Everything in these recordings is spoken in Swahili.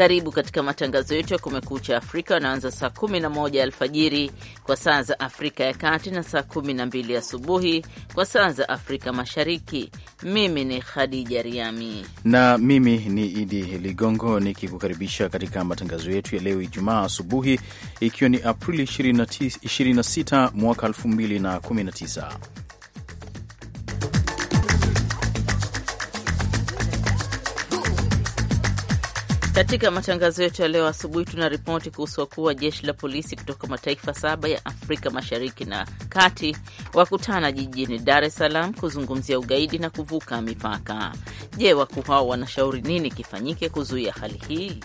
Karibu katika matangazo yetu ya Kumekucha Afrika wanaanza saa 11 alfajiri kwa saa za Afrika ya Kati na saa 12 asubuhi kwa saa za Afrika Mashariki. Mimi ni Khadija Riami na mimi ni Idi Ligongo nikikukaribisha katika matangazo yetu ya leo Ijumaa asubuhi, ikiwa ni Aprili 26 mwaka 2019. Katika matangazo yetu ya leo asubuhi, tuna ripoti kuhusu wakuu wa jeshi la polisi kutoka mataifa saba ya Afrika Mashariki na Kati wakutana jijini Dar es Salaam kuzungumzia ugaidi na kuvuka mipaka. Je, wakuu hao wanashauri nini kifanyike kuzuia hali hii?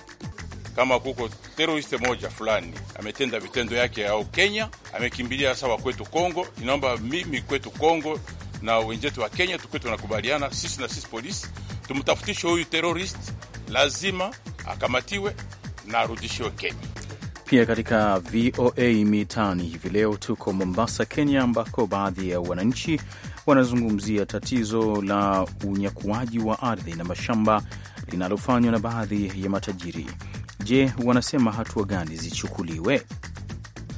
Kama kuko teroristi moja fulani ametenda vitendo yake au Kenya amekimbilia sawa kwetu Kongo, inaomba mimi kwetu Kongo na wenzetu wa Kenya tukuwe tunakubaliana sisi na sisi polisi tumtafutishe huyu teroristi, lazima akamatiwe na arudishiwe Kenya. Pia katika VOA Mitaani hivi leo tuko Mombasa, Kenya, ambako baadhi ya wananchi wanazungumzia tatizo la unyakuaji wa ardhi na mashamba linalofanywa na baadhi ya matajiri. Je, wanasema hatua gani zichukuliwe?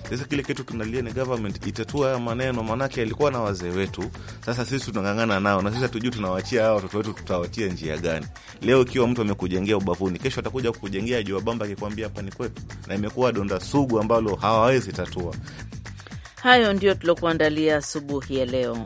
Sasa kile kitu kinalia ni government itatua haya maneno, maanake alikuwa na wazee wetu. Sasa sisi tunang'ang'ana nao, na sisi hatujui tunawachia hawa watoto wetu, tutawachia njia gani? Leo ikiwa mtu amekujengea ubavuni, kesho atakuja kukujengea jua bamba, akikwambia hapa ni kwetu, na imekuwa donda sugu ambalo hawawezi tatua. Hayo ndio tuliokuandalia asubuhi ya leo.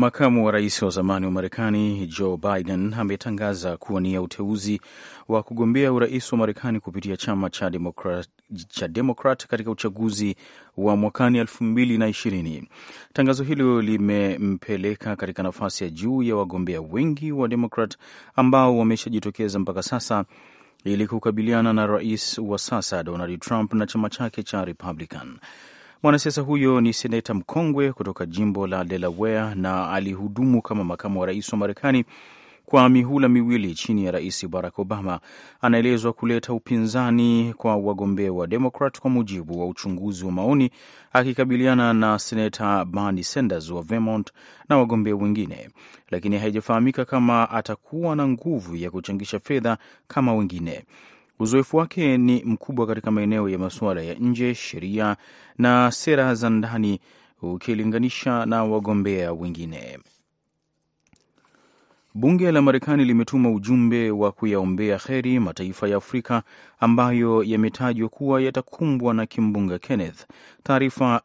Makamu wa rais wa zamani wa Marekani Joe Biden ametangaza kuwania uteuzi wa kugombea urais wa Marekani kupitia chama cha Demokrat, cha Demokrat katika uchaguzi wa mwakani elfu mbili na ishirini. Tangazo hilo limempeleka katika nafasi ya juu ya wagombea wengi wa Demokrat ambao wameshajitokeza mpaka sasa ili kukabiliana na rais wa sasa Donald Trump na chama chake cha Republican. Mwanasiasa huyo ni seneta mkongwe kutoka jimbo la Delaware na alihudumu kama makamu wa rais wa Marekani kwa mihula miwili chini ya rais Barack Obama. Anaelezwa kuleta upinzani kwa wagombea wa Demokrat kwa mujibu wa uchunguzi wa maoni, akikabiliana na seneta Bernie Sanders wa Vermont na wagombea wengine, lakini haijafahamika kama atakuwa na nguvu ya kuchangisha fedha kama wengine. Uzoefu wake ni mkubwa katika maeneo ya masuala ya nje, sheria na sera za ndani ukilinganisha na wagombea wengine. Bunge la Marekani limetuma ujumbe wa kuyaombea heri mataifa ya Afrika ambayo yametajwa kuwa yatakumbwa na kimbunga Kenneth. Taarifa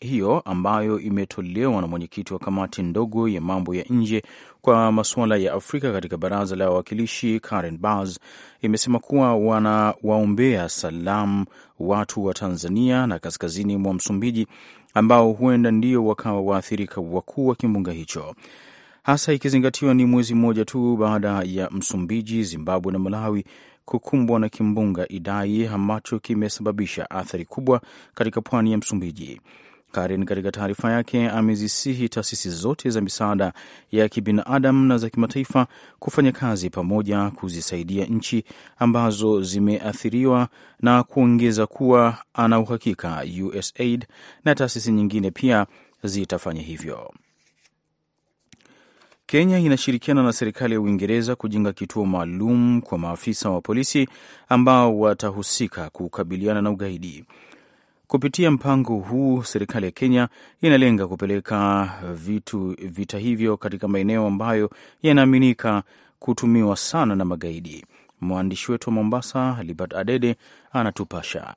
hiyo ambayo imetolewa na mwenyekiti wa kamati ndogo ya mambo ya nje kwa masuala ya Afrika katika baraza la wawakilishi Karen Bass imesema kuwa wanawaombea salamu watu wa Tanzania na kaskazini mwa Msumbiji ambao huenda ndio wakawa waathirika wakuu wa kimbunga hicho hasa ikizingatiwa ni mwezi mmoja tu baada ya Msumbiji, Zimbabwe na Malawi kukumbwa na kimbunga Idai ambacho kimesababisha athari kubwa katika pwani ya Msumbiji. Karen katika taarifa yake amezisihi taasisi zote za misaada ya kibinadamu na za kimataifa kufanya kazi pamoja kuzisaidia nchi ambazo zimeathiriwa na kuongeza kuwa ana uhakika USAID na taasisi nyingine pia zitafanya hivyo. Kenya inashirikiana na serikali ya Uingereza kujenga kituo maalum kwa maafisa wa polisi ambao watahusika kukabiliana na ugaidi. Kupitia mpango huu, serikali ya Kenya inalenga kupeleka vitu vita hivyo katika maeneo ambayo yanaaminika kutumiwa sana na magaidi. Mwandishi wetu wa Mombasa, Libert Adede, anatupasha.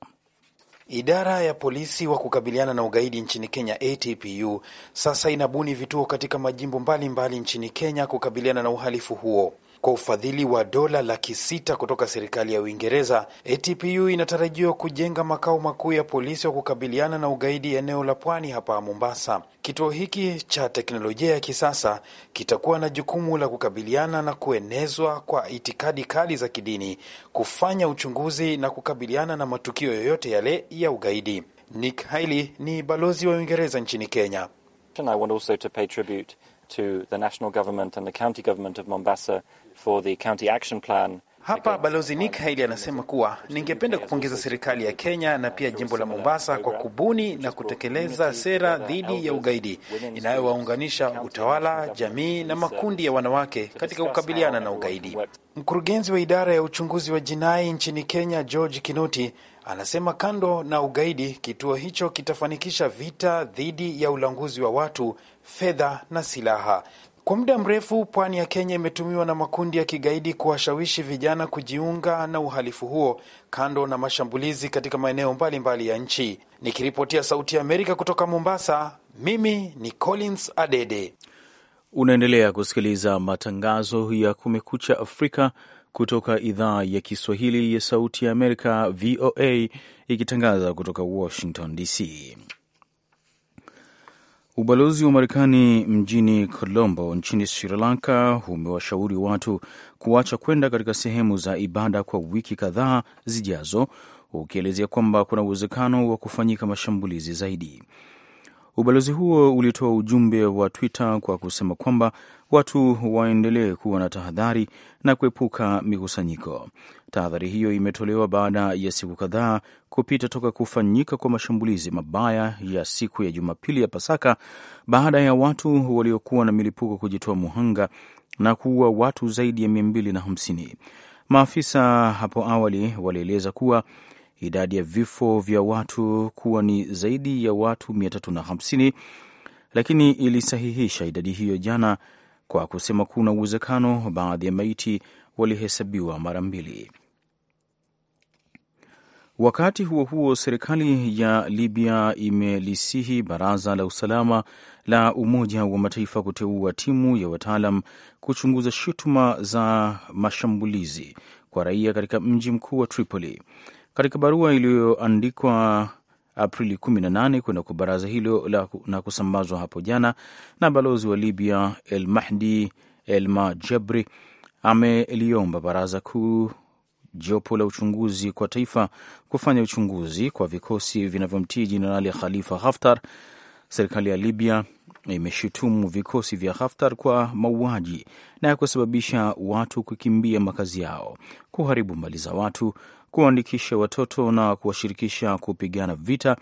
Idara ya polisi wa kukabiliana na ugaidi nchini Kenya, ATPU, sasa inabuni vituo katika majimbo mbalimbali mbali nchini Kenya kukabiliana na uhalifu huo kwa ufadhili wa dola laki sita kutoka serikali ya Uingereza. ATPU inatarajiwa kujenga makao makuu ya polisi wa kukabiliana na ugaidi eneo la pwani hapa Mombasa. Kituo hiki cha teknolojia ya kisasa kitakuwa na jukumu la kukabiliana na kuenezwa kwa itikadi kali za kidini, kufanya uchunguzi na kukabiliana na matukio yoyote yale ya ugaidi. Nick Hailey ni balozi wa Uingereza nchini Kenya. I want also to pay tribute to the national government and the county government of Mombasa for the county action plan Hapa Balozi Nick Haile anasema kuwa ningependa kupongeza serikali ya Kenya na pia jimbo la Mombasa kwa kubuni na kutekeleza sera dhidi ya ugaidi inayowaunganisha utawala, jamii na makundi ya wanawake katika kukabiliana na ugaidi. Mkurugenzi wa idara ya uchunguzi wa jinai nchini Kenya, George Kinoti, anasema kando na ugaidi, kituo hicho kitafanikisha vita dhidi ya ulanguzi wa watu, fedha na silaha. Kwa muda mrefu pwani ya Kenya imetumiwa na makundi ya kigaidi kuwashawishi vijana kujiunga na uhalifu huo, kando na mashambulizi katika maeneo mbalimbali ya nchi. Nikiripotia Sauti ya Amerika kutoka Mombasa, mimi ni Collins Adede. Unaendelea kusikiliza matangazo ya Kumekucha Afrika kutoka idhaa ya Kiswahili ya Sauti ya Amerika, VOA, ikitangaza kutoka Washington DC. Ubalozi wa Marekani mjini Colombo nchini Sri Lanka umewashauri watu kuacha kwenda katika sehemu za ibada kwa wiki kadhaa zijazo, ukielezea kwamba kuna uwezekano wa kufanyika mashambulizi zaidi. Ubalozi huo ulitoa ujumbe wa Twitter kwa kusema kwamba watu waendelee kuwa na tahadhari na kuepuka mikusanyiko. Tahadhari hiyo imetolewa baada ya siku kadhaa kupita toka kufanyika kwa mashambulizi mabaya ya siku ya Jumapili ya Pasaka baada ya watu waliokuwa na milipuko kujitoa muhanga na kuua watu zaidi ya mia mbili na hamsini. Maafisa hapo awali walieleza kuwa idadi ya vifo vya watu kuwa ni zaidi ya watu 350 lakini ilisahihisha idadi hiyo jana kwa kusema kuna uwezekano baadhi ya maiti walihesabiwa mara mbili. Wakati huo huo, serikali ya Libya imelisihi baraza la usalama la Umoja wa Mataifa kuteua timu ya wataalam kuchunguza shutuma za mashambulizi kwa raia katika mji mkuu wa Tripoli. Katika barua iliyoandikwa Aprili 18 kwenda kwa baraza hilo la, na kusambazwa hapo jana na balozi wa Libya El Mahdi El Majabri, ameliomba baraza kuu jopo la uchunguzi kwa taifa kufanya uchunguzi kwa vikosi vinavyomtii Jenerali Khalifa Haftar. Serikali ya Libya imeshutumu vikosi vya Haftar kwa mauaji na ya kusababisha watu kukimbia makazi yao, kuharibu mali za watu kuwaandikisha watoto na kuwashirikisha kupigana vita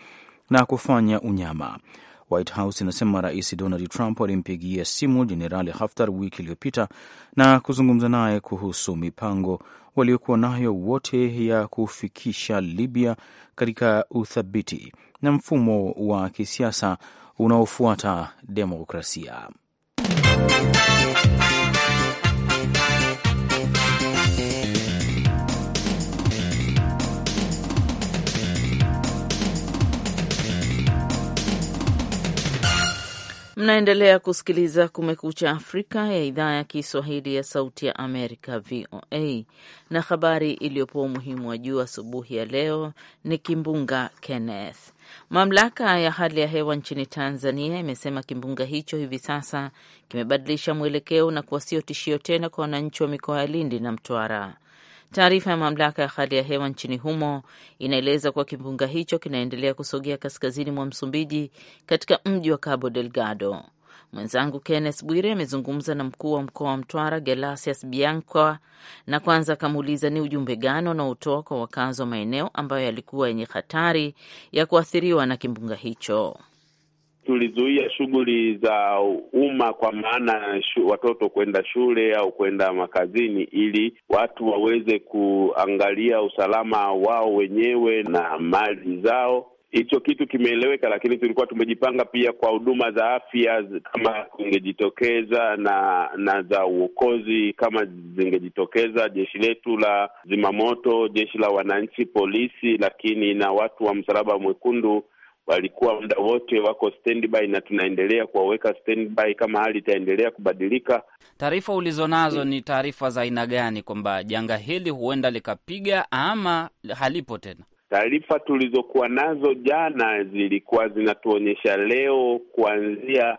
na kufanya unyama. White House inasema Rais Donald Trump alimpigia simu Jenerali Haftar wiki iliyopita na kuzungumza naye kuhusu mipango waliokuwa nayo wote ya kufikisha Libya katika uthabiti na mfumo wa kisiasa unaofuata demokrasia. Mnaendelea kusikiliza Kumekucha Afrika ya idhaa ya Kiswahili ya Sauti ya Amerika, VOA, na habari iliyopewa umuhimu wa juu asubuhi ya leo ni kimbunga Kenneth. Mamlaka ya hali ya hewa nchini Tanzania imesema kimbunga hicho hivi sasa kimebadilisha mwelekeo na kuwa sio tishio tena kwa wananchi wa mikoa ya Lindi na Mtwara. Taarifa ya mamlaka ya hali ya hewa nchini humo inaeleza kuwa kimbunga hicho kinaendelea kusogea kaskazini mwa Msumbiji katika mji wa Cabo Delgado. Mwenzangu Kenneth Bwire amezungumza na mkuu wa mkoa wa Mtwara Gelasius Bianca na kwanza akamuuliza ni ujumbe gani unaotoa kwa wakazi wa maeneo ambayo yalikuwa yenye hatari ya kuathiriwa na kimbunga hicho tulizuia shughuli za umma, kwa maana watoto kwenda shule au kwenda makazini, ili watu waweze kuangalia usalama wao wenyewe na mali zao. Hicho kitu kimeeleweka, lakini tulikuwa tumejipanga pia kwa huduma za afya kama zingejitokeza na na za uokozi kama zingejitokeza, jeshi letu la zimamoto, jeshi la wananchi, polisi, lakini na watu wa Msalaba Mwekundu walikuwa muda wote wako standby na tunaendelea kuwaweka standby kama hali itaendelea kubadilika. Taarifa ulizonazo ni taarifa za aina gani, kwamba janga hili huenda likapiga ama halipo tena? Taarifa tulizokuwa nazo jana zilikuwa zinatuonyesha leo kuanzia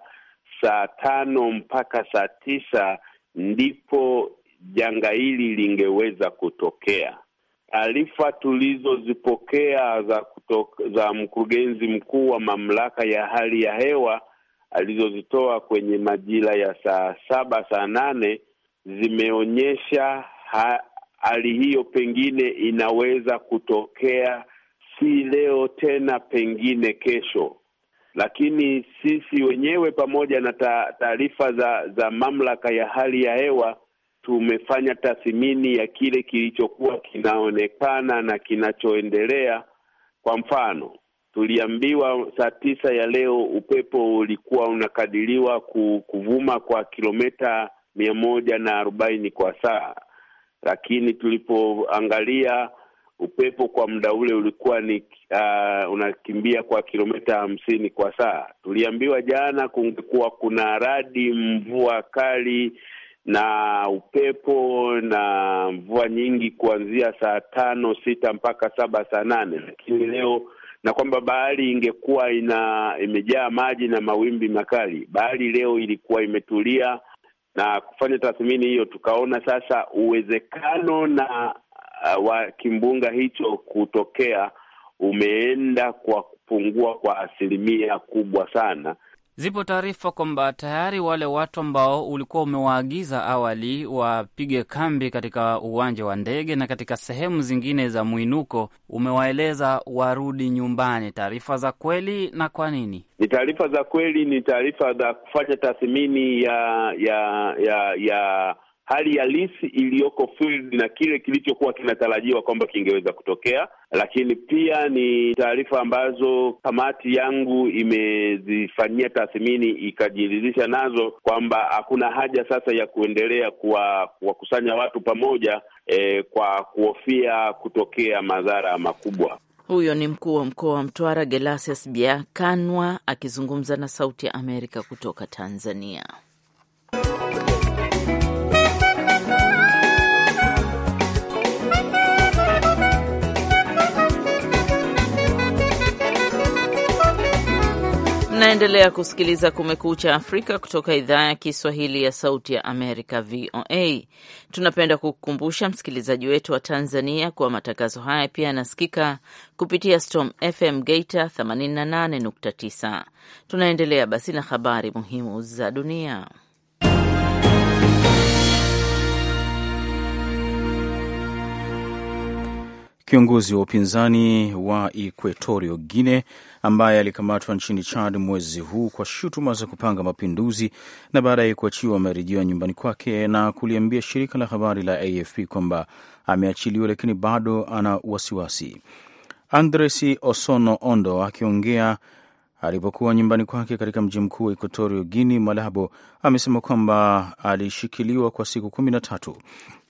saa tano mpaka saa tisa ndipo janga hili lingeweza kutokea Taarifa tulizozipokea za kutoka, za mkurugenzi mkuu wa mamlaka ya hali ya hewa alizozitoa kwenye majira ya saa saba saa nane zimeonyesha ha, hali hiyo pengine inaweza kutokea si leo tena, pengine kesho. Lakini sisi wenyewe pamoja na taarifa za za mamlaka ya hali ya hewa tumefanya tathmini ya kile kilichokuwa kinaonekana na kinachoendelea. Kwa mfano, tuliambiwa saa tisa ya leo upepo ulikuwa unakadiriwa kuvuma kwa kilomita mia moja na arobaini kwa saa, lakini tulipoangalia upepo kwa muda ule ulikuwa ni uh, unakimbia kwa kilomita hamsini kwa saa. Tuliambiwa jana kungekuwa kuna radi, mvua kali na upepo na mvua nyingi kuanzia saa tano sita mpaka saba saa nane lakini leo na kwamba bahari ingekuwa ina imejaa maji na mawimbi makali. Bahari leo ilikuwa imetulia, na kufanya tathmini hiyo tukaona sasa uwezekano na uh, wa kimbunga hicho kutokea umeenda kwa kupungua kwa asilimia kubwa sana, Zipo taarifa kwamba tayari wale watu ambao ulikuwa umewaagiza awali wapige kambi katika uwanja wa ndege na katika sehemu zingine za mwinuko umewaeleza warudi nyumbani. Taarifa za kweli na kwa nini? Ni taarifa za kweli, ni taarifa za kufanya tathmini ya ya ya ya hali halisi iliyoko field na kile kilichokuwa kinatarajiwa kwamba kingeweza kutokea, lakini pia ni taarifa ambazo kamati yangu imezifanyia tathmini ikajiridhisha nazo kwamba hakuna haja sasa ya kuendelea kuwakusanya kuwa watu pamoja eh, kwa kuhofia kutokea madhara makubwa. Huyo ni mkuu wa mkoa wa Mtwara Gelasius biakanwa akizungumza na Sauti ya Amerika kutoka Tanzania. Mnaendelea kusikiliza Kumekucha Afrika kutoka idhaa ya Kiswahili ya Sauti ya Amerika, VOA. Tunapenda kukukumbusha msikilizaji wetu wa Tanzania kuwa matangazo haya pia yanasikika kupitia Storm FM Geita 88.9. Tunaendelea basi na habari muhimu za dunia. Kiongozi wa upinzani wa Equatorio Guine ambaye alikamatwa nchini Chad mwezi huu kwa shutuma za kupanga mapinduzi na baadaye kuachiwa, amerejea nyumbani kwake na kuliambia shirika la habari la AFP kwamba ameachiliwa, lakini bado ana wasiwasi. Andres Osono Ondo akiongea alipokuwa nyumbani kwake katika mji mkuu wa Ekuatorio Guini, Malabo, amesema kwamba alishikiliwa kwa siku kumi na tatu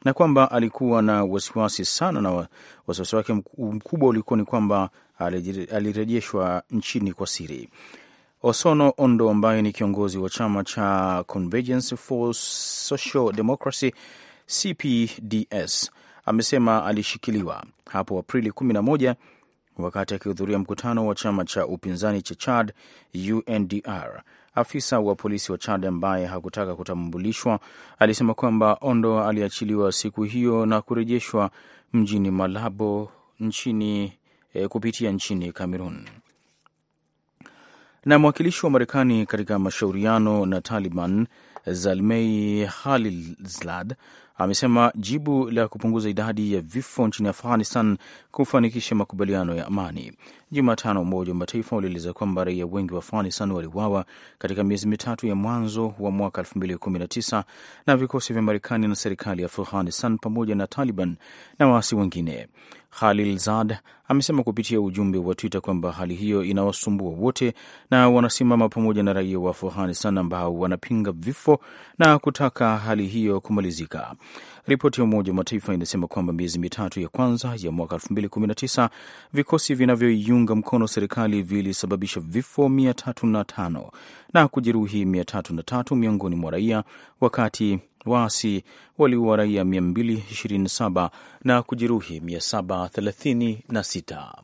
na kwamba alikuwa na wasiwasi sana, na wasiwasi wake mkubwa ulikuwa ni kwamba alirejeshwa nchini kwa siri. Osono Ondo ambaye ni kiongozi wa chama cha Convergence for Social Democracy CPDS amesema alishikiliwa hapo Aprili 11 wakati akihudhuria mkutano wa chama cha upinzani cha Chad UNDR. Afisa wa polisi wa Chad ambaye hakutaka kutambulishwa alisema kwamba Ondo aliachiliwa siku hiyo na kurejeshwa mjini Malabo nchini e, kupitia nchini Cameroon. Na mwakilishi wa Marekani katika mashauriano na Taliban Zalmei Khalilzad amesema jibu la kupunguza idadi ya vifo nchini Afghanistan kufanikisha makubaliano ya amani. Jumatano, Umoja wa Mataifa ulieleza kwamba raia wengi wa Afghanistan waliuawa katika miezi mitatu ya mwanzo wa mwaka 2019 na vikosi vya Marekani na serikali ya Afghanistan pamoja na Taliban na waasi wengine. Zad amesema kupitia ujumbe wa Twitter kwamba hali hiyo inawasumbua wote na wanasimama pamoja na raia wa Afghanistan ambao wanapinga vifo na kutaka hali hiyo kumalizika. Ripoti ya Umoja wa Mataifa inasema kwamba miezi mitatu ya kwanza ya mwaka 2019 vikosi vinavyoiunga mkono serikali vilisababisha vifo 305 na kujeruhi 303 miongoni mwa raia wakati waasi waliua raia 227 na kujeruhi 736.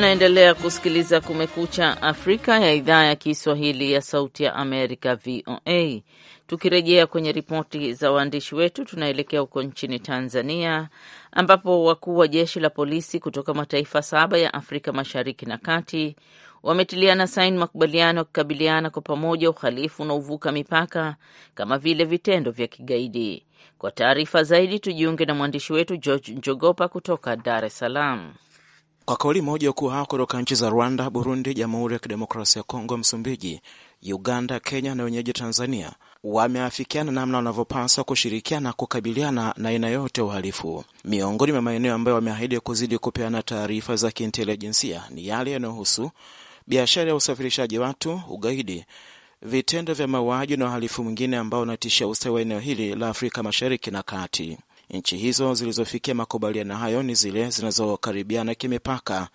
Naendelea kusikiliza Kumekucha Afrika ya idhaa ya Kiswahili ya Sauti ya Amerika, VOA. Tukirejea kwenye ripoti za waandishi wetu, tunaelekea huko nchini Tanzania ambapo wakuu wa jeshi la polisi kutoka mataifa saba ya Afrika Mashariki na Kati wametiliana saini makubaliano ya kukabiliana kwa pamoja uhalifu unaovuka mipaka kama vile vitendo vya kigaidi. Kwa taarifa zaidi, tujiunge na mwandishi wetu George Njogopa kutoka Dar es Salaam. Kwa kauli moja, wakuu hao kutoka nchi za Rwanda, Burundi, Jamhuri ya Kidemokrasia ya Kongo, Msumbiji, Uganda, Kenya na wenyeji Tanzania wameafikiana namna wanavyopaswa kushirikiana kukabiliana na aina yote uhalifu. Miongoni mwa maeneo ambayo wameahidi kuzidi kupeana taarifa za kiintelijensia ni yale yanayohusu biashara ya usafirishaji watu, ugaidi, vitendo vya mauaji na uhalifu mwingine ambao unatishia ustawi wa eneo hili la Afrika Mashariki na Kati. Nchi hizo zilizofikia makubaliano hayo ni zile zinazokaribiana kimipaka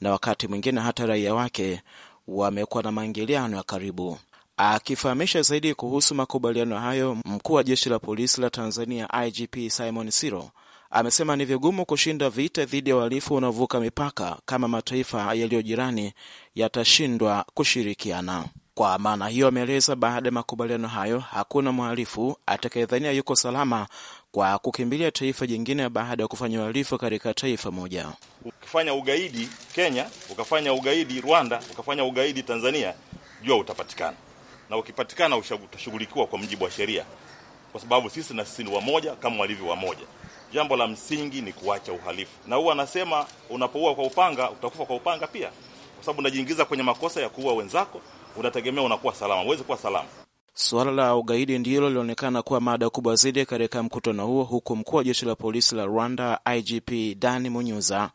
na wakati mwingine hata raia wake wamekuwa na maingiliano ya karibu. Akifahamisha zaidi kuhusu makubaliano hayo, mkuu wa jeshi la polisi la Tanzania IGP Simon Siro amesema ni vigumu kushinda vita dhidi ya uhalifu unaovuka mipaka kama mataifa yaliyo jirani yatashindwa kushirikiana. Kwa maana hiyo, ameeleza baada ya makubaliano hayo, hakuna mhalifu atakayedhania yuko salama kwa kukimbilia taifa jingine baada ya kufanya uhalifu katika taifa moja. Ukifanya ugaidi Kenya, ukafanya ugaidi Rwanda, ukafanya ugaidi Tanzania, jua utapatikana na ukipatikana utashughulikiwa kwa mujibu wa sheria, kwa sababu sisi na sisi ni wamoja kama walivyo wamoja. Jambo la msingi ni kuacha uhalifu, na huwa anasema unapoua kwa upanga utakufa kwa upanga pia, kwa sababu unajiingiza kwenye makosa ya kuua wenzako, unategemea unakuwa salama. Huwezi kuwa salama. Suala la ugaidi ndilo lilionekana kuwa mada kubwa zaidi katika mkutano huo, huku mkuu wa jeshi la polisi la Rwanda IGP Dani Munyuza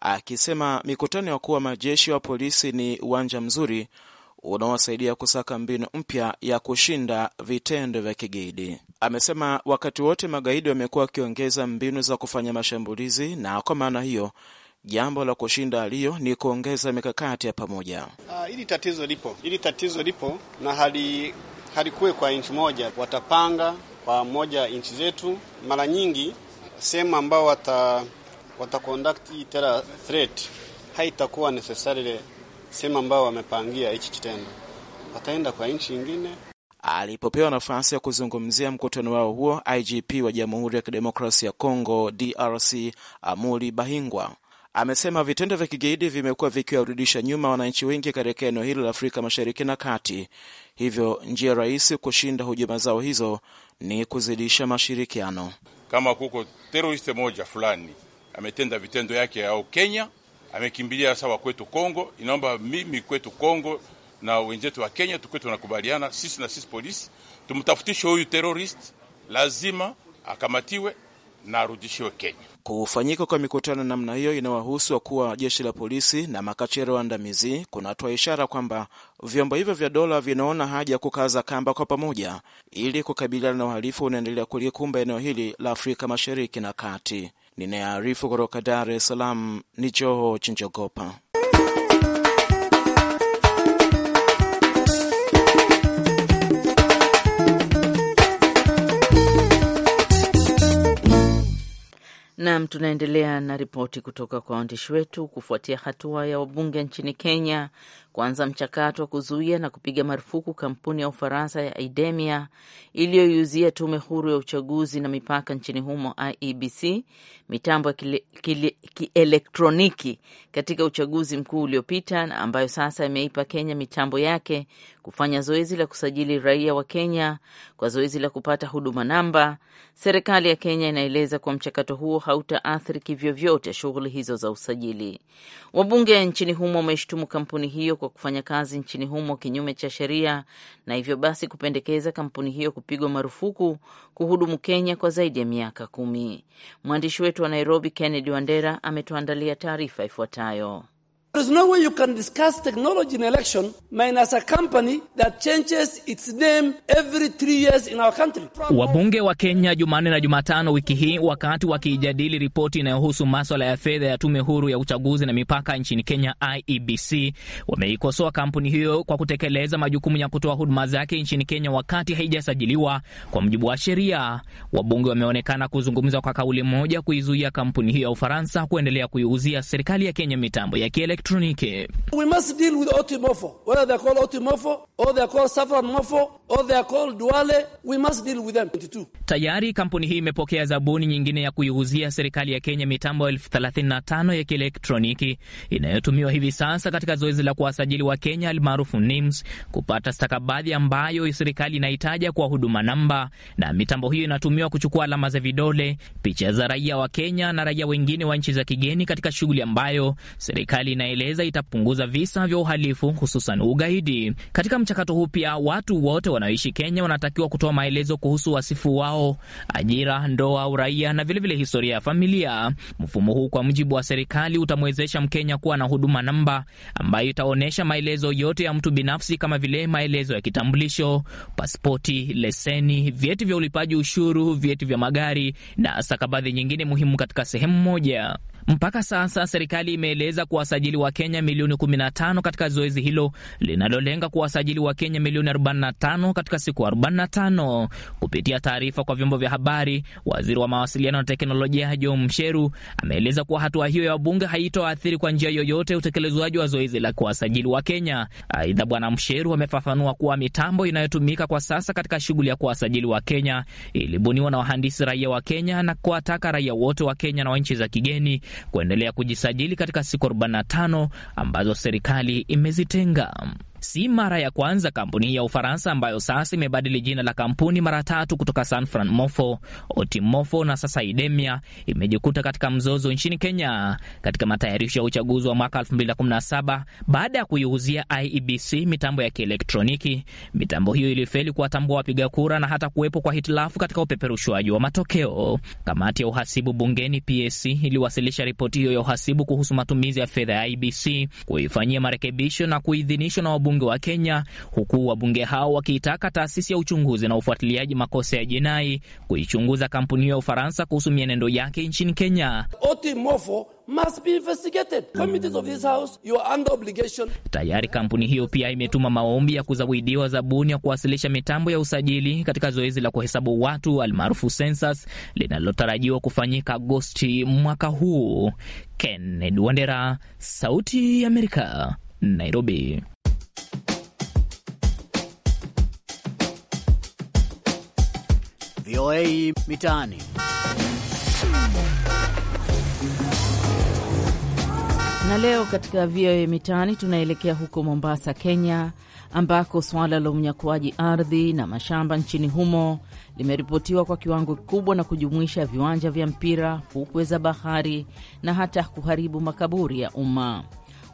akisema mikutano ya kuwa majeshi wa polisi ni uwanja mzuri unaowasaidia kusaka mbinu mpya ya kushinda vitendo vya kigaidi. Amesema wakati wote magaidi wamekuwa wakiongeza mbinu za kufanya mashambulizi, na kwa maana hiyo jambo la kushinda aliyo ni kuongeza mikakati ya pamoja. Ah, hili uh, tatizo lipo, hili tatizo lipo na hali halikuwe kwa nchi moja, watapanga kwa moja nchi zetu. Mara nyingi sehemu ambao wata wataconduct terror threat haitakuwa necessarily sehemu ambao wamepangia hichi kitendo, wataenda kwa nchi nyingine. Alipopewa nafasi ya kuzungumzia mkutano wao huo, IGP wa Jamhuri ya Kidemokrasia ya Kongo DRC Amuri Bahingwa amesema vitendo vya kigaidi vimekuwa vikiwarudisha nyuma wananchi wengi katika eneo hilo la Afrika Mashariki na Kati, hivyo njia rahisi kushinda hujuma zao hizo ni kuzidisha mashirikiano. Kama kuko teroriste moja fulani ametenda vitendo yake au Kenya amekimbilia sawa kwetu Kongo. Inaomba mimi kwetu Kongo na wenzetu wa Kenya tukwe tunakubaliana sisi na sisi polisi tumtafutishe huyu terorist, lazima akamatiwe na arudishiwe Kenya. Kufanyika kwa mikutano namna hiyo inawahusu wakuu wa jeshi la polisi na makachero waandamizi kunatoa ishara kwamba vyombo hivyo vya dola vinaona haja ya kukaza kamba kwa pamoja ili kukabiliana na uhalifu unaendelea kulikumba eneo hili la Afrika Mashariki na Kati. Ninayearifu kutoka Dar es Salaam ni Joho Chinjogopa. Nam, tunaendelea na ripoti kutoka kwa waandishi wetu. Kufuatia hatua ya wabunge nchini Kenya kuanza mchakato wa kuzuia na kupiga marufuku kampuni ya Ufaransa ya Idemia iliyoiuzia tume huru ya uchaguzi na mipaka nchini humo IEBC mitambo ya kielektroniki katika uchaguzi mkuu uliopita na ambayo sasa imeipa Kenya mitambo yake kufanya zoezi la kusajili raia wa Kenya kwa zoezi la kupata huduma namba. Serikali ya Kenya inaeleza kuwa mchakato huo hautaathiri kivyovyote shughuli hizo za usajili. Wabunge nchini humo wameshutumu kampuni hiyo kwa kufanya kazi nchini humo kinyume cha sheria na hivyo basi kupendekeza kampuni hiyo kupigwa marufuku kuhudumu Kenya kwa zaidi ya miaka kumi. Mwandishi wetu wa Nairobi, Kennedy Wandera, ametuandalia taarifa ifuatayo. There's no way you can discuss technology in election minus a company that changes its name every three years in our country. Wabunge wa Kenya Jumanne na Jumatano wiki hii wakati wakiijadili ripoti inayohusu maswala ya fedha ya tume huru ya uchaguzi na mipaka nchini Kenya IEBC, wameikosoa kampuni hiyo kwa kutekeleza majukumu ya kutoa huduma zake nchini Kenya wakati haijasajiliwa kwa mujibu wa sheria. Wabunge wameonekana kuzungumza kwa kauli moja kuizuia kampuni hiyo ya Ufaransa kuendelea kuiuzia serikali ya Kenya mitambo ya kielektroni elektroniki. Tayari kampuni hii imepokea zabuni nyingine ya kuiuzia serikali ya Kenya mitambo elfu thelathini na tano ya kielektroniki inayotumiwa hivi sasa katika zoezi la kuwasajili wa Kenya almaarufu NIMS kupata stakabadhi ambayo serikali inahitaja kwa huduma namba, na mitambo hiyo inatumiwa kuchukua alama za vidole, picha za raia wa Kenya na raia wengine wa nchi za kigeni katika shughuli ambayo serikali inae inaeleza itapunguza visa vya uhalifu hususan ugaidi. Katika mchakato huu pia watu wote wanaoishi Kenya wanatakiwa kutoa maelezo kuhusu wasifu wao, ajira, ndoa, uraia na vilevile vile historia ya familia. Mfumo huu kwa mujibu wa serikali utamwezesha Mkenya kuwa na huduma namba ambayo itaonyesha maelezo yote ya mtu binafsi kama vile maelezo ya kitambulisho, pasipoti, leseni, vyeti vya ulipaji ushuru, vyeti vya magari na stakabadhi nyingine muhimu katika sehemu moja. Mpaka sasa serikali imeeleza kuwasajili Wakenya milioni 15 katika zoezi hilo linalolenga kuwasajili Wakenya milioni 45 katika siku 45. Kupitia taarifa kwa vyombo vya habari, waziri wa mawasiliano na teknolojia John Msheru ameeleza kuwa hatua hiyo ya wabunge haitoathiri kwa njia yoyote utekelezwaji wa zoezi la kuwasajili Wakenya. Aidha, Bwana Msheru amefafanua kuwa mitambo inayotumika kwa sasa katika shughuli ya kuwasajili Wakenya ilibuniwa na wahandisi raia wa Kenya na kuwataka raia wote wa Kenya na wa nchi za kigeni kuendelea kujisajili katika siku 45 tano ambazo serikali imezitenga. Si mara ya kwanza kampuni ya Ufaransa ambayo sasa imebadili jina la kampuni mara tatu kutoka Sanfran Mofo, Otimofo na sasa Idemia imejikuta katika mzozo nchini Kenya katika matayarisho ya uchaguzi wa mwaka 2017 baada ya kuiuzia IEBC mitambo ya kielektroniki. Mitambo hiyo ilifeli kuwatambua wapiga kura na hata kuwepo kwa hitilafu katika upeperushwaji wa matokeo. Kamati ya uhasibu bungeni PAC iliwasilisha ripoti hiyo ya uhasibu kuhusu matumizi ya fedha ya IEBC, kuifanyia marekebisho na kuidhinishwa na wabunge wa Kenya, huku wabunge hao wakiitaka taasisi ya uchunguzi na ufuatiliaji makosa ya jinai kuichunguza kampuni hiyo ya Ufaransa kuhusu mienendo yake nchini Kenya. Otimofo must be investigated. Committees of this house, you are under obligation. Tayari kampuni hiyo pia imetuma maombi ya kuzawidiwa zabuni ya kuwasilisha mitambo ya usajili katika zoezi la kuhesabu watu almaarufu census linalotarajiwa kufanyika Agosti mwaka huu. Kennedy Wandera, Sauti ya Amerika, Nairobi. VOA Mitaani. Na leo katika VOA Mitaani tunaelekea huko Mombasa, Kenya, ambako suala la unyakuaji ardhi na mashamba nchini humo limeripotiwa kwa kiwango kikubwa na kujumuisha viwanja vya mpira, fukwe za bahari na hata kuharibu makaburi ya umma.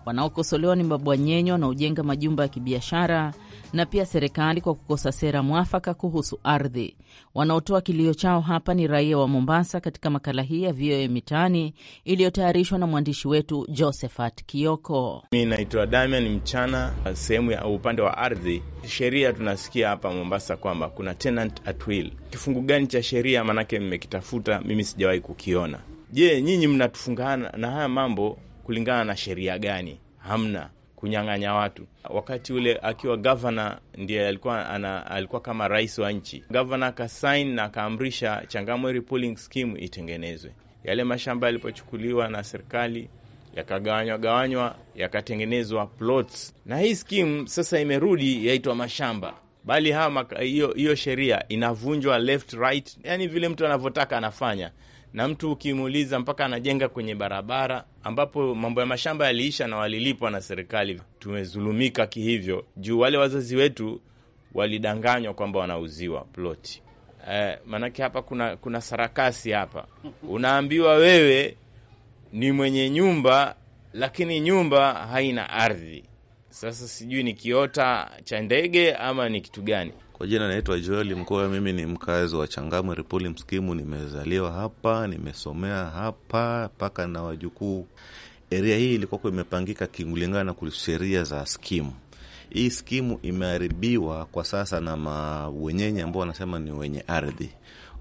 Wanaokosolewa ni mabwanyenye wanaojenga majumba ya kibiashara na pia serikali kwa kukosa sera mwafaka kuhusu ardhi. Wanaotoa kilio chao hapa ni raia wa Mombasa, katika makala hii ya VOA Mitaani iliyotayarishwa na mwandishi wetu Josephat Kioko. Mi naitwa Damian Mchana. Sehemu ya upande wa ardhi, sheria tunasikia hapa Mombasa kwamba kuna tenant at will. Kifungu gani cha sheria? Maanake mmekitafuta, mimi sijawahi kukiona. Je, nyinyi mnatufungana na haya mambo kulingana na sheria gani? Hamna kunyang'anya watu. Wakati ule akiwa gavana ndiye alikuwa, ana, alikuwa kama rais wa nchi. Gavana akasain na akaamrisha Changamwe Repooling Scheme itengenezwe. Yale mashamba yalipochukuliwa na serikali yakagawanywa gawanywa yakatengenezwa plots, na hii skimu sasa imerudi yaitwa mashamba, bali hiyo sheria inavunjwa left right, yani vile mtu anavyotaka anafanya na mtu ukimuuliza, mpaka anajenga kwenye barabara ambapo mambo ya mashamba yaliisha na walilipwa na serikali. Tumezulumika kihivyo juu wale wazazi wetu walidanganywa kwamba wanauziwa ploti. Eh, maanake hapa kuna, kuna sarakasi hapa. Unaambiwa wewe ni mwenye nyumba lakini nyumba haina ardhi. Sasa sijui ni kiota cha ndege ama ni kitu gani. Kwa jina naitwa Joel Mkoa, mimi ni mkazi wa Changamwe Ripuli Msikimu. Nimezaliwa hapa, nimesomea hapa mpaka na wajukuu. Eria hii ilikuwa imepangika kulingana na sheria za skimu hii skimu imeharibiwa kwa sasa na mawenyenye ambao wanasema ni wenye ardhi,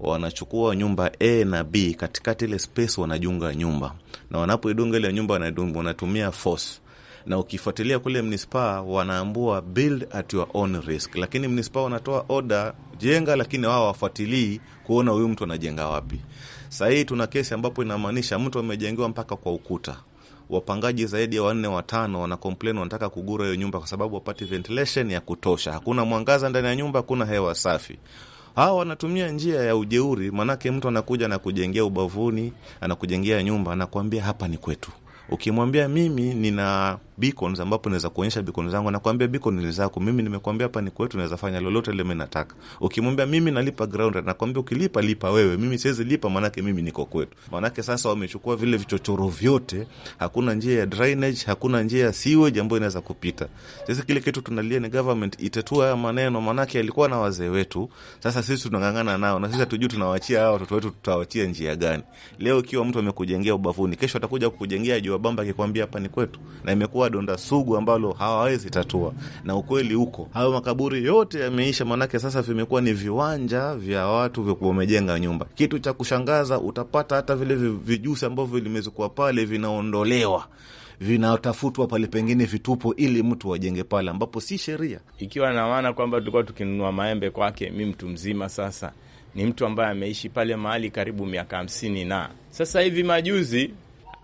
wanachukua nyumba A na B, katikati ile space wanajunga nyumba, na wanapoidunga ile nyumba wanatumia force na ukifuatilia kule mnispaa wanaambua build at your own risk, lakini mnispaa wanatoa oda jenga, lakini wao wafuatilii kuona huyu mtu anajenga wapi. Sahii tuna kesi ambapo inamaanisha mtu amejengewa mpaka kwa ukuta wapangaji zaidi ya wanne watano wana complain wanataka kugura hiyo nyumba kwa sababu wapati ventilation ya kutosha. Hakuna mwangaza ndani ya nyumba, hakuna hewa safi. Hawa wanatumia njia ya ujeuri, maanake mtu anakuja na kujengea ubavuni, anakujengea nyumba, anakuambia hapa ni kwetu. Ukimwambia mimi nina beacons ambapo naweza kuonyesha beacons zangu, nakwambia beacon ni zako. Mimi nimekwambia hapa ni kwetu, naweza fanya lolote lile mimi nataka. Ukimwambia mimi nalipa ground rent, nakwambia ukilipa lipa wewe, mimi siwezi lipa, maanake mimi niko kwetu. Maanake sasa wamechukua vile vichochoro vyote, hakuna njia ya drainage, hakuna njia ya sewage ambayo inaweza kupita. Sisi kile kitu tunalia ni government itetue haya maneno, maanake yalikuwa na wazee wetu. Sasa sisi tunang'ang'ana nao, na sisi hatujui tunawaachia hao watoto wetu, tutawachia njia gani? Leo ikiwa mtu amekujengea ubavuni, kesho atakuja kukujengea wa bamba akikwambia hapa ni kwetu, na imekuwa donda sugu ambalo hawawezi tatua, na ukweli huko, hayo makaburi yote yameisha, manake sasa vimekuwa ni viwanja vya watu vyakuwa wamejenga nyumba. Kitu cha kushangaza utapata hata vile vijusi ambavyo limezikuwa pale vinaondolewa vinatafutwa pale pengine vitupo, ili mtu wajenge pale ambapo si sheria, ikiwa na maana kwamba tulikuwa tukinunua maembe kwake. Mi mtu mzima sasa ni mtu ambaye ameishi pale mahali karibu miaka hamsini na sasa hivi majuzi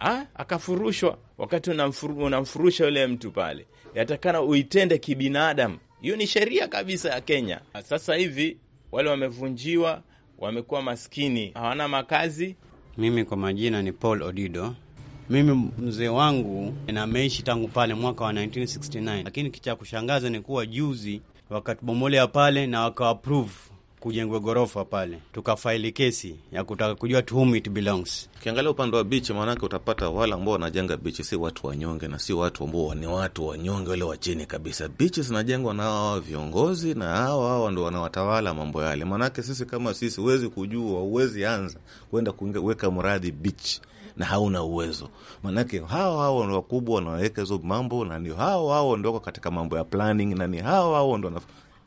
Ah, akafurushwa. Wakati unamfurusha yule mtu pale, yatakana uitende kibinadamu. Hiyo ni sheria kabisa ya Kenya. Sasa hivi wale wamevunjiwa, wamekuwa maskini, hawana makazi. Mimi kwa majina ni Paul Odido. Mimi mzee wangu nameishi tangu pale mwaka wa 1969 lakini kicha kushangaza ni kuwa juzi wakatubomolea pale na wakaapprove kujengwe ghorofa pale, tukafaili kesi ya kutaka kujua to whom it belongs. Ukiangalia upande wa bichi, maanake utapata wale ambao wanajenga bichi si watu wanyonge, na si watu ambao ni watu wanyonge wale wa chini kabisa. Bichi zinajengwa na hawa viongozi na hawa hawa ndo wanawatawala mambo yale. Maanake sisi kama sisi, huwezi kujua, huwezi anza kwenda kuweka mradi bichi na hauna uwezo, maanake hao hao ndo wakubwa wanaweka hizo mambo, na ndio hao hao ndo wako katika mambo ya planning, na ni hao hao ndo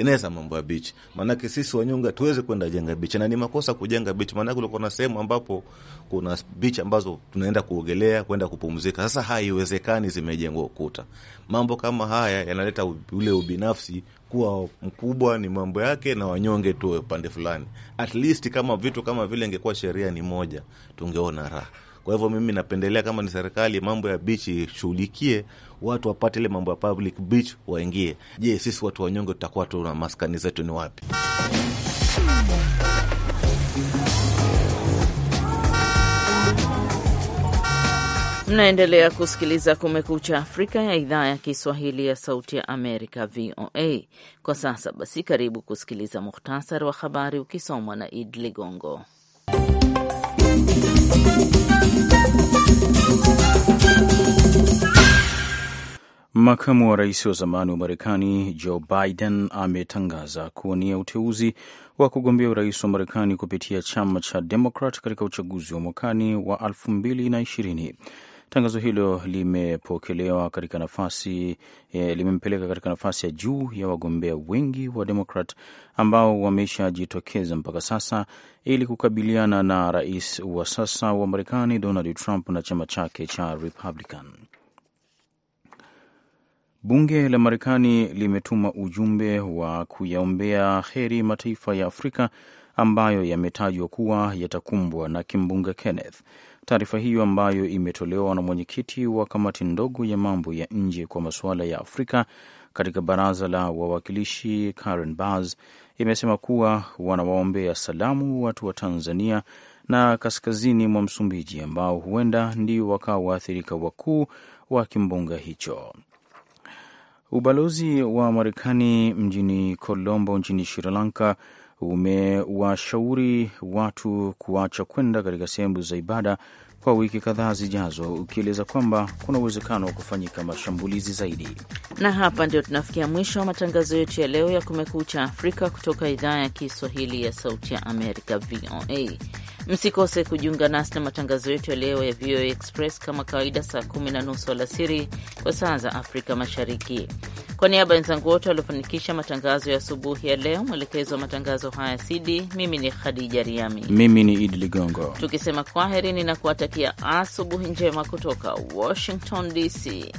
eneza mambo ya bichi, maanake sisi wanyonge tuweze kwenda jenga bichi, na ni makosa kujenga bichi, maanake ulikuwa na sehemu ambapo kuna bichi ambazo tunaenda kuogelea, kwenda kupumzika. Sasa haiwezekani, zimejengwa ukuta. Mambo kama haya yanaleta ule ubinafsi kuwa mkubwa ni mambo yake na wanyonge tu upande fulani. At least kama vitu kama vile ingekuwa sheria ni moja, tungeona raha. Kwa hivyo mimi napendelea kama ni serikali, mambo ya bichi ishughulikie watu wapate ile mambo ya public beach waingie. Je, sisi watu wanyonge tutakuwa tuna maskani zetu ni wapi? Mnaendelea kusikiliza Kumekucha Afrika ya idhaa ya Kiswahili ya Sauti ya Amerika, VOA. Kwa sasa basi, karibu kusikiliza muhtasari wa habari ukisomwa na Id Ligongo. Makamu wa rais wa zamani wa Marekani Joe Biden ametangaza kuwania uteuzi wa kugombea urais wa Marekani kupitia chama cha Demokrat katika uchaguzi wa mwakani wa 2020. Tangazo hilo limepokelewa katika nafasi e, limempeleka katika nafasi ya juu ya wagombea wengi wa Demokrat ambao wameshajitokeza mpaka sasa ili kukabiliana na rais wa sasa wa Marekani Donald Trump na chama chake cha Republican. Bunge la Marekani limetuma ujumbe wa kuyaombea heri mataifa ya Afrika ambayo yametajwa kuwa yatakumbwa na kimbunga Kenneth. Taarifa hiyo ambayo imetolewa na mwenyekiti wa kamati ndogo ya mambo ya nje kwa masuala ya Afrika katika baraza la wawakilishi Karen Bass imesema kuwa wanawaombea salamu watu wa Tanzania na kaskazini mwa Msumbiji ambao huenda ndio wakawa waathirika wakuu wa kimbunga hicho. Ubalozi wa Marekani mjini Colombo nchini Sri Lanka umewashauri watu kuacha kwenda katika sehemu za ibada kwa wiki kadhaa zijazo, ukieleza kwamba kuna uwezekano wa kufanyika mashambulizi zaidi. Na hapa ndio tunafikia mwisho wa matangazo yetu ya leo ya Kumekucha Afrika kutoka idhaa ya Kiswahili ya Sauti ya Amerika, VOA. Msikose kujiunga nasi na matangazo yetu ya leo ya VOA Express kama kawaida, saa kumi na nusu alasiri kwa saa za Afrika Mashariki. Kwa niaba ya wenzangu wote waliofanikisha matangazo ya asubuhi ya leo, mwelekezo wa matangazo haya CD, mimi ni Khadija Riami, mimi ni Idi Ligongo, tukisema kwaherini na kuwatakia asubuhi njema kutoka Washington DC.